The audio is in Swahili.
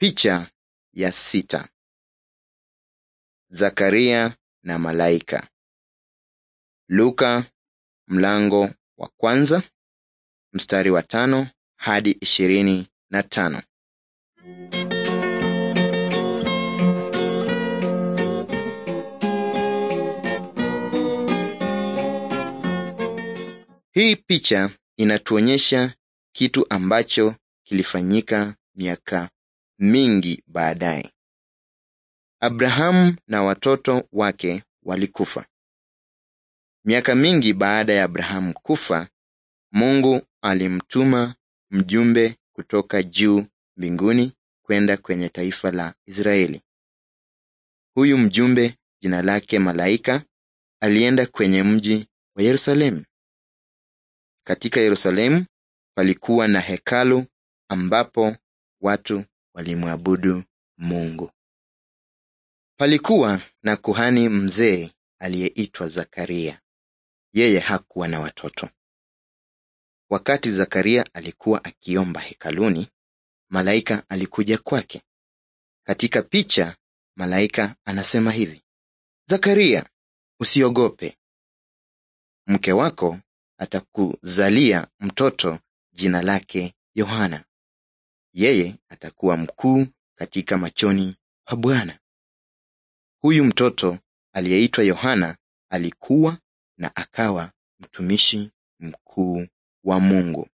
Picha ya sita. Zakaria na malaika. Luka mlango wa kwanza mstari wa tano hadi ishirini na tano. Hii picha inatuonyesha kitu ambacho kilifanyika miaka mingi baadaye. Abrahamu na watoto wake walikufa. Miaka mingi baada ya Abrahamu kufa, Mungu alimtuma mjumbe kutoka juu mbinguni kwenda kwenye taifa la Israeli. Huyu mjumbe jina lake malaika alienda kwenye mji wa Yerusalemu. Katika Yerusalemu palikuwa na hekalu ambapo watu walimwabudu Mungu. Palikuwa na kuhani mzee aliyeitwa Zakaria. Yeye hakuwa na watoto. Wakati Zakaria alikuwa akiomba hekaluni, malaika alikuja kwake. Katika picha, malaika anasema hivi: Zakaria, usiogope, mke wako atakuzalia mtoto, jina lake Yohana yeye atakuwa mkuu katika machoni pa Bwana. Huyu mtoto aliyeitwa Yohana alikuwa na akawa mtumishi mkuu wa Mungu.